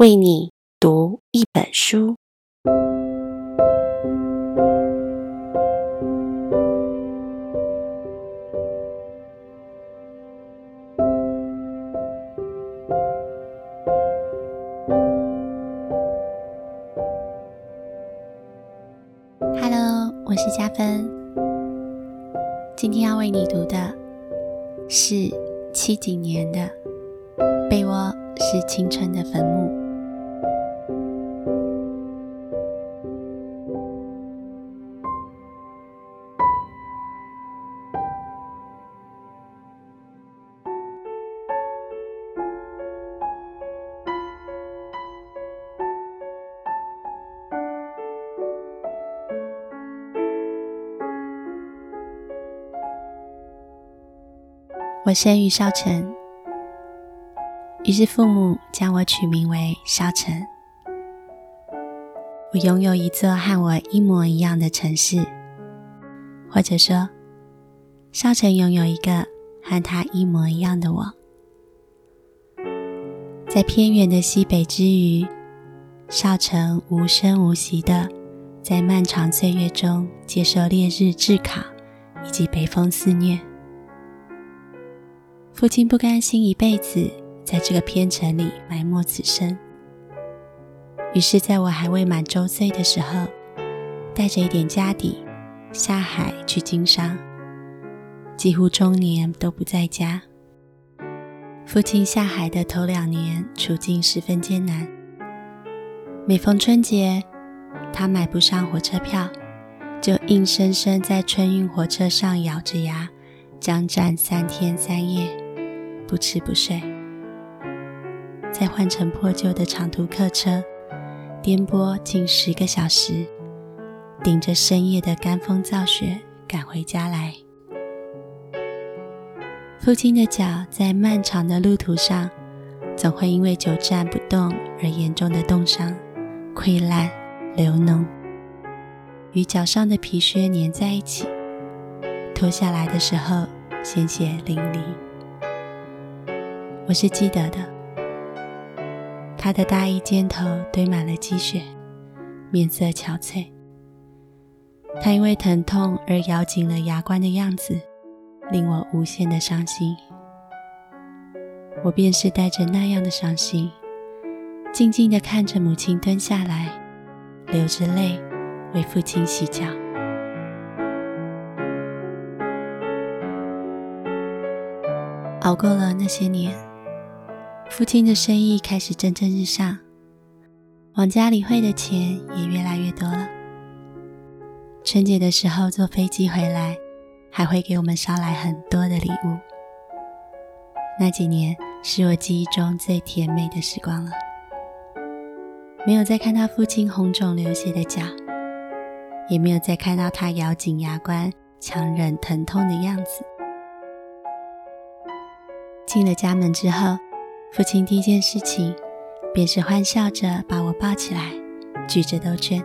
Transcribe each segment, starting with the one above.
為你讀一本書。我生於紹城，於是父母將我取名為紹城。我擁有一座和我一模一樣的城市，或者說，紹城擁有一個和他一模一樣的我。在偏遠的西北之餘，紹城無聲無息地在漫長歲月中接受烈日炙烤以及北風肆虐。父親不甘心一輩子在這個偏城裡埋沒此生，於是在我還未滿周歲的時候，帶着一點家底下海去經商，幾乎終年都不在家。父親下海的頭兩年處境十分艱難，每逢春節，他買不上火車票，就硬生生在春運火車上咬着牙，僵站三天三夜。不吃不睡，再換乘破舊的長途客車，顛簸近十個小時，頂着深夜的乾風燥雪趕回家來。父親的腳在漫長的路途上，總會因為久站不動而嚴重的凍傷、潰爛、流膿，與腳上的皮靴粘在一起，脫下來的時候鮮血淋漓。我是記得的，他的大衣肩頭堆滿了積雪，面色憔悴。他因為疼痛而咬緊了牙關的樣子，令我無限的傷心。我便是帶着那樣的傷心，靜靜地看着母親蹲下來，流着淚為父親洗腳。熬過了那些年。父親的生意開始蒸蒸日上，往家裡匯的錢也越來越多了。春節的時候坐飛機回來，還會給我們捎來很多的禮物。那幾年是我記憶中最甜美的時光了。沒有再看到父親紅腫流血的腳，也沒有再看到他咬緊牙關，強忍疼痛的樣子。進了家門之後。父親第一件事情，便是歡笑着把我抱起來，舉着兜圈。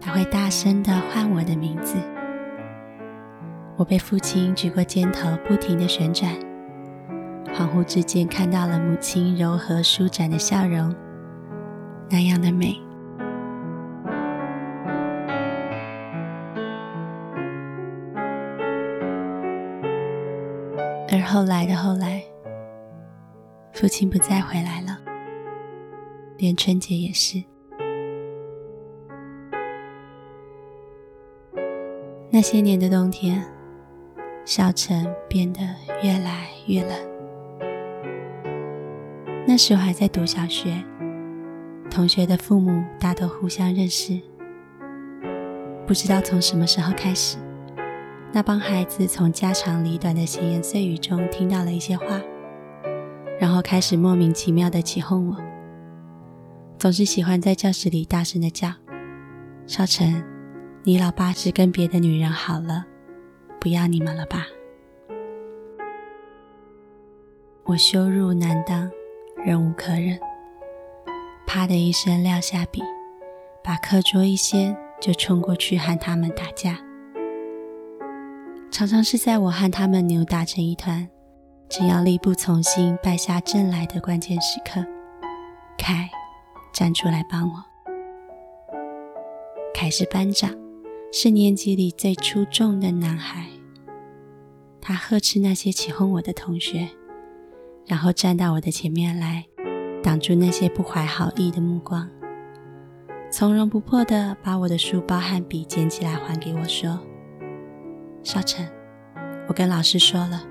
他會大聲的喚我的名字，我被父親舉過肩頭，不停的旋轉，恍惚之間看到了母親柔和舒展的笑容，那樣的美。而後來的後來。父親不再回來了，連春節也是。那些年的冬天，小城變得越來越冷。那時候還在讀小學，同學的父母大多互相認識。不知道從什麼時候開始，那幫孩子從家長裡短的閒言碎語中聽到了一些話。然後開始莫名其妙的起哄我，我總是喜歡在教室裡大聲的叫：“紹城，你老爸是跟別的女人好了，不要你們了吧？”我羞辱難當，忍無可忍，啪的一聲撂下筆，把課桌一掀，就衝過去和他們打架。常常是在我和他們扭打成一團。只要力不從心、敗下陣來的關鍵時刻，凱站出來幫我。凱是班長，是年級裡最出眾的男孩。他呵斥那些起哄我的同學，然後站到我的前面來，擋住那些不懷好意的目光，從容不迫的把我的書包和筆撿起來還給我，說：“紹城，我跟老師說了。”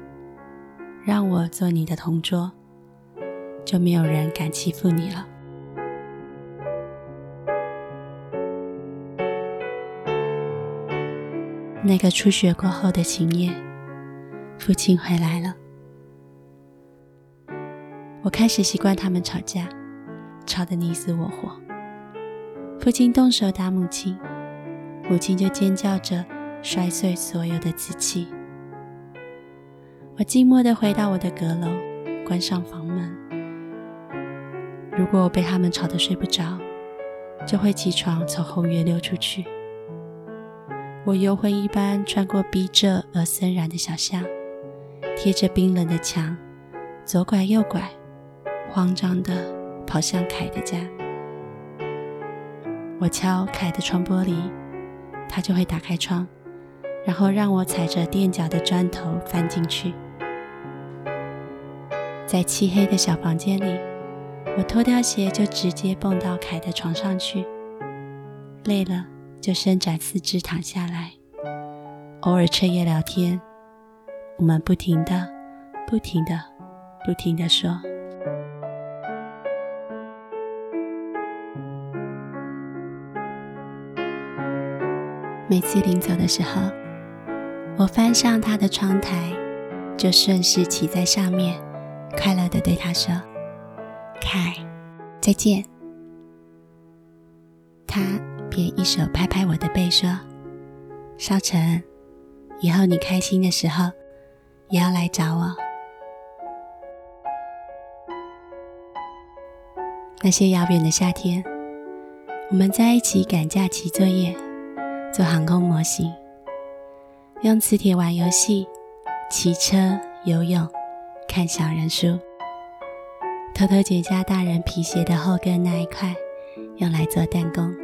讓我做你的同桌，就沒有人敢欺負你了。那個初雪過後的晴夜，父親回來了，我開始習慣他們吵架，吵得你死我活。父親動手打母親，母親就尖叫着摔碎所有的瓷器。我寂寞地回到我的閣樓，關上房門。如果我被他們吵得睡不着，就會起床從後院溜出去。我幽魂一般穿過逼仄而森然的小巷，貼着冰冷的牆，左拐右拐，慌張地跑向凱的家。我敲凱的窗玻璃，他就會打開窗。然後讓我踩着墊腳的磚頭翻進去，在漆黑的小房間裡，我脫掉鞋就直接蹦到凱的床上去，累了就伸展四肢躺下來，偶爾徹夜聊天，我們不停的、不停的、不停的說，每次臨走的時候，我翻上他的窗台，就順勢騎在上面，快樂地對他說：“凱，再見。”他便一手拍拍我的背說：“紹城，以後你開心的時候，也要來找我。”那些遙遠的夏天，我們在一起趕假期作業，做航空模型。用磁鐵玩遊戲、騎車、游泳、看小人書，偷偷剪下大人皮鞋的後跟那一塊，用來做彈弓，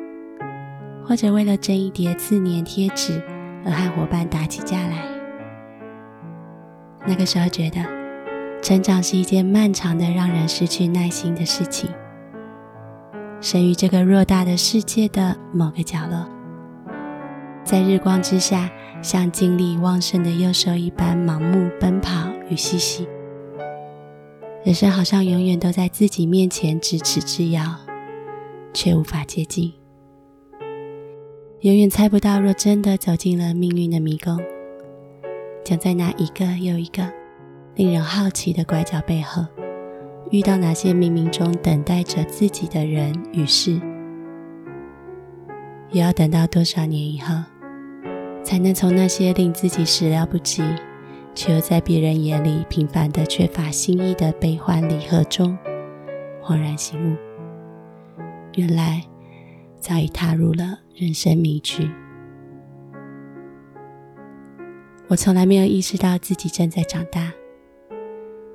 或者為了爭一疊自粘貼紙而和夥伴打起架來。那個時候覺得，成長是一件漫長的、讓人失去耐心的事情。生於這個偌大的世界的某個角落。在日光之下，像精力旺盛的幼獸一般盲目奔跑與嬉戲。人生好像永遠都在自己面前咫尺之遙，卻無法接近。永遠猜不到，若真的走進了命運的迷宮，將在哪一個又一個令人好奇的拐角背後，遇到那些冥冥中等待着自己的人與事，也要等到多少年以後。才能從那些令自己始料不及，卻又在別人眼裡平凡的、缺乏新意的悲歡離合中，恍然醒悟，原來早已踏入了人生迷局。我從來沒有意識到自己正在長大，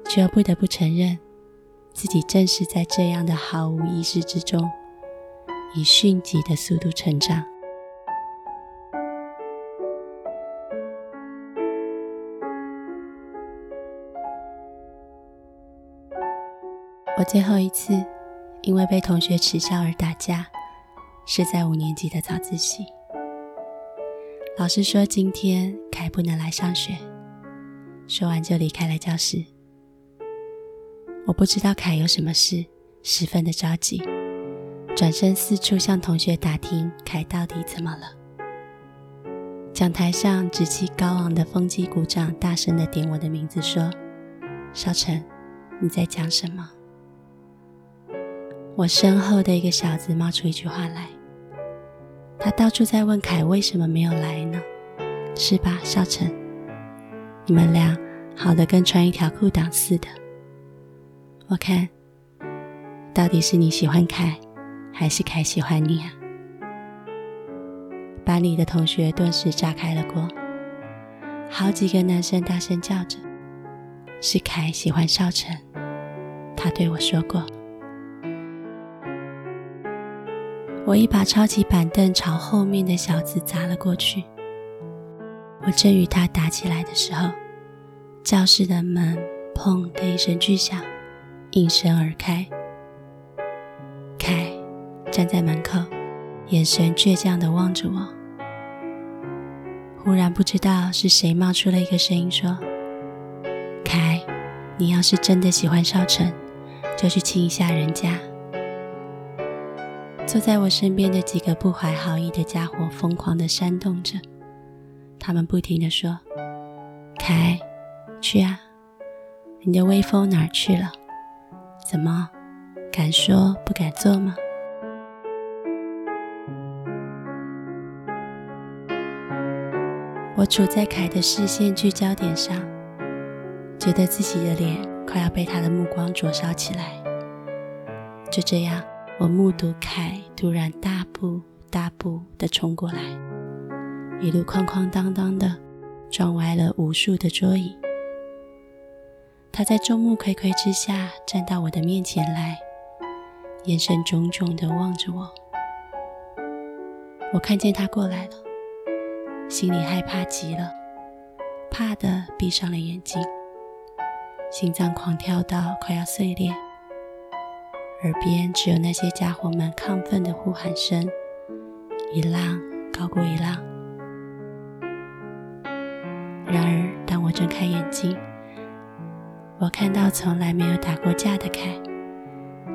卻又不得不承認，自己正是在這樣的毫無意識之中，以迅疾的速度成長。我最後一次因為被同學恥笑而打架，是在五年級的早自習。老師說今天凱不能來上學，說完就離開了教室。我不知道凱有什麼事，十分的着急，轉身四處向同學打聽凱到底怎麼了。講台上趾高氣昂的風紀股長，大聲的點我的名字說：“紹城，你在講什麼？”我身後的一個小子冒出一句話來，他到處在問凱為什麼沒有來呢？是吧，紹城？你們倆好得跟穿一條褲襠似的。我看，到底是你喜歡凱，還是凱喜歡你啊？班裡的同學頓時炸開了鍋，好幾個男生大聲叫着：“是凱喜歡紹城。”他對我說過。我一把抄起板凳，朝後面的小子砸了過去。我正與他打起來的時候，教室的門“砰”的一聲巨響，應聲而開。凱站在門口，眼神倔強地望着我。忽然，不知道是誰冒出了一個聲音說：“凱，你要是真的喜歡紹城，就去親一下人家。”坐在我身邊的幾個不懷好意的傢伙瘋狂地煽動着，他們不停地說：“凱，去啊！你的威風哪兒去了？怎麼，敢說不敢做嗎？”我處在凱的視線聚焦點上，覺得自己的臉快要被他的目光灼燒起來。就這樣。我目睹凱突然大步大步地衝過來，一路哐哐噹噹的撞歪了無數的桌椅。他在眾目睽睽之下站到我的面前來，眼神炯炯地望着我。我看見他過來了，心裡害怕極了，怕的閉上了眼睛，心臟狂跳到快要碎裂。耳邊只有那些家伙們亢奮的呼喊聲，一浪高過一浪。然而，當我睜開眼睛，我看到從來沒有打過架的凱，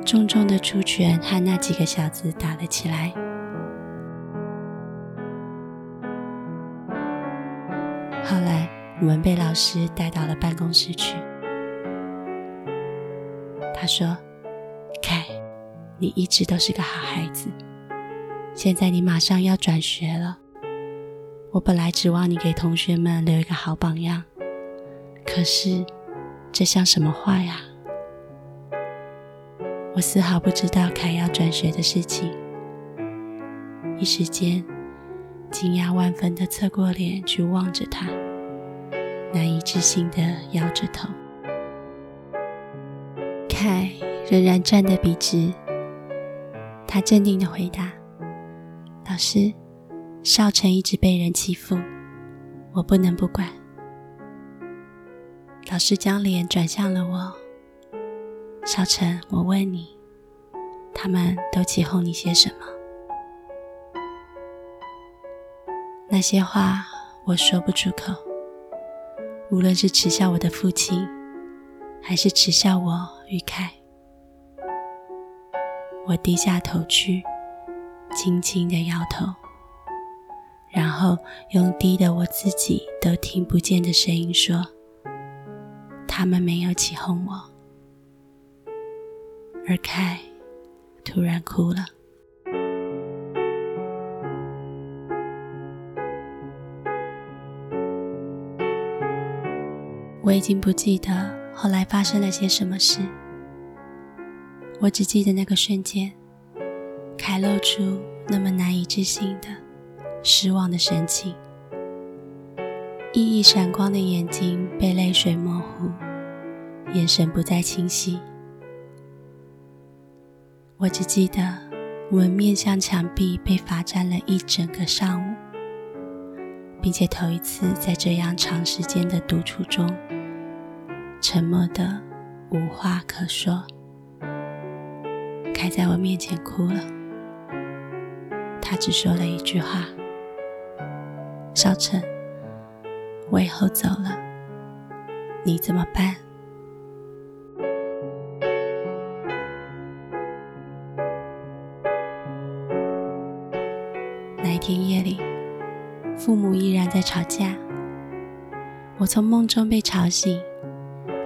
重重的出拳和那幾個小子打了起來。後來，我們被老師帶到了辦公室去。他說。你一直都是個好孩子。現在你馬上要轉學了，我本來指望你給同學們留一個好榜樣。可是這像什麼話呀、啊？我絲毫不知道凱要轉學的事情，一時間驚訝萬分地側過臉去望着他，難以置信地搖着頭。凱仍然站得筆直。他鎮定地回答：“老師，紹城一直被人欺負，我不能不管。”老師將臉轉向了我：“紹城，我問你，他們都起哄你些什麼？那些話我說不出口。無論是恥笑我的父親，還是恥笑我與凱。”我低下頭去，輕輕地搖頭，然後用低的我自己都聽不見的聲音說：“他們沒有起哄我。”而凱突然哭了。我已經不記得後來發生了些什麼事。我只記得那個瞬間，凱露出那麼難以置信的失望的神情，熠熠閃光的眼睛被淚水模糊，眼神不再清晰。我只記得我們面向牆壁被罰站了一整個上午，並且頭一次在這樣長時間的獨處中，沉默得無話可說。還在我面前哭了，他只說了一句話：“紹城，我以後走了，你怎麼辦？”那一天夜裡，父母依然在吵架，我從夢中被吵醒，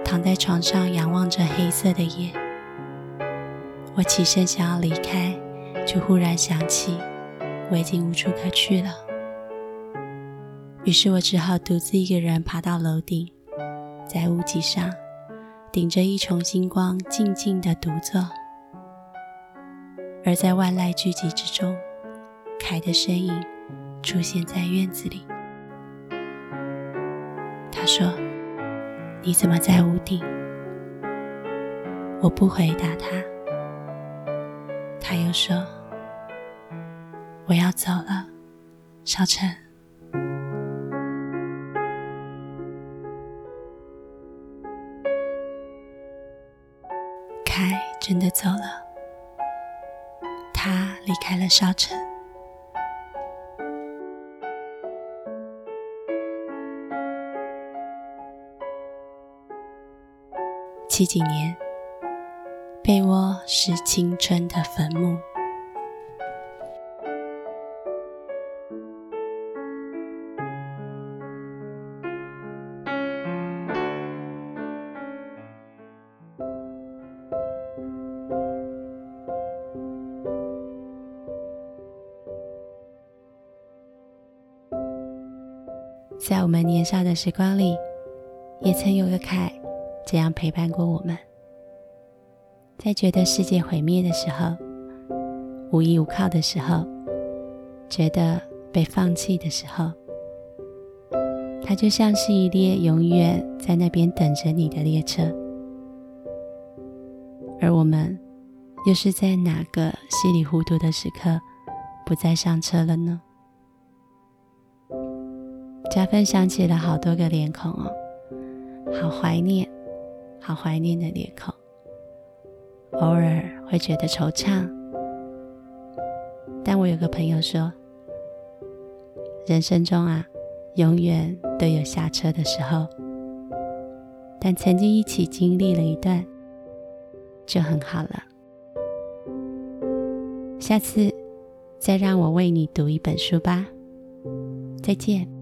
躺在床上仰望着黑色的夜。我起身想要離開，卻忽然想起我已經無處可去了，於是我只好獨自一個人爬到樓頂，在屋脊上頂着一重星光，靜靜地獨坐。而在萬籟俱寂之中，凱的身影出現在院子裡。他說：“你怎麼在屋頂？”我不回答他。他又說：“我要走了，紹城。”凱真的走了，他離開了紹城。七堇年。被窩是青春的墳墓，在我們年少的時光裡，也曾有個凱這樣陪伴過我們。在覺得世界毀滅的時候，無依無靠的時候，覺得被放棄的時候，它就像是一列永遠在那邊等着你的列車。而我們又是在哪個稀里糊塗的時刻不再上車了呢？加分想起了好多個臉孔哦，好懷念，好懷念的臉孔。偶爾會覺得惆悵，但我有個朋友說，人生中啊，永遠都有下車的時候，但曾經一起經歷了一段，就很好了。下次再讓我為你讀一本書吧，再見。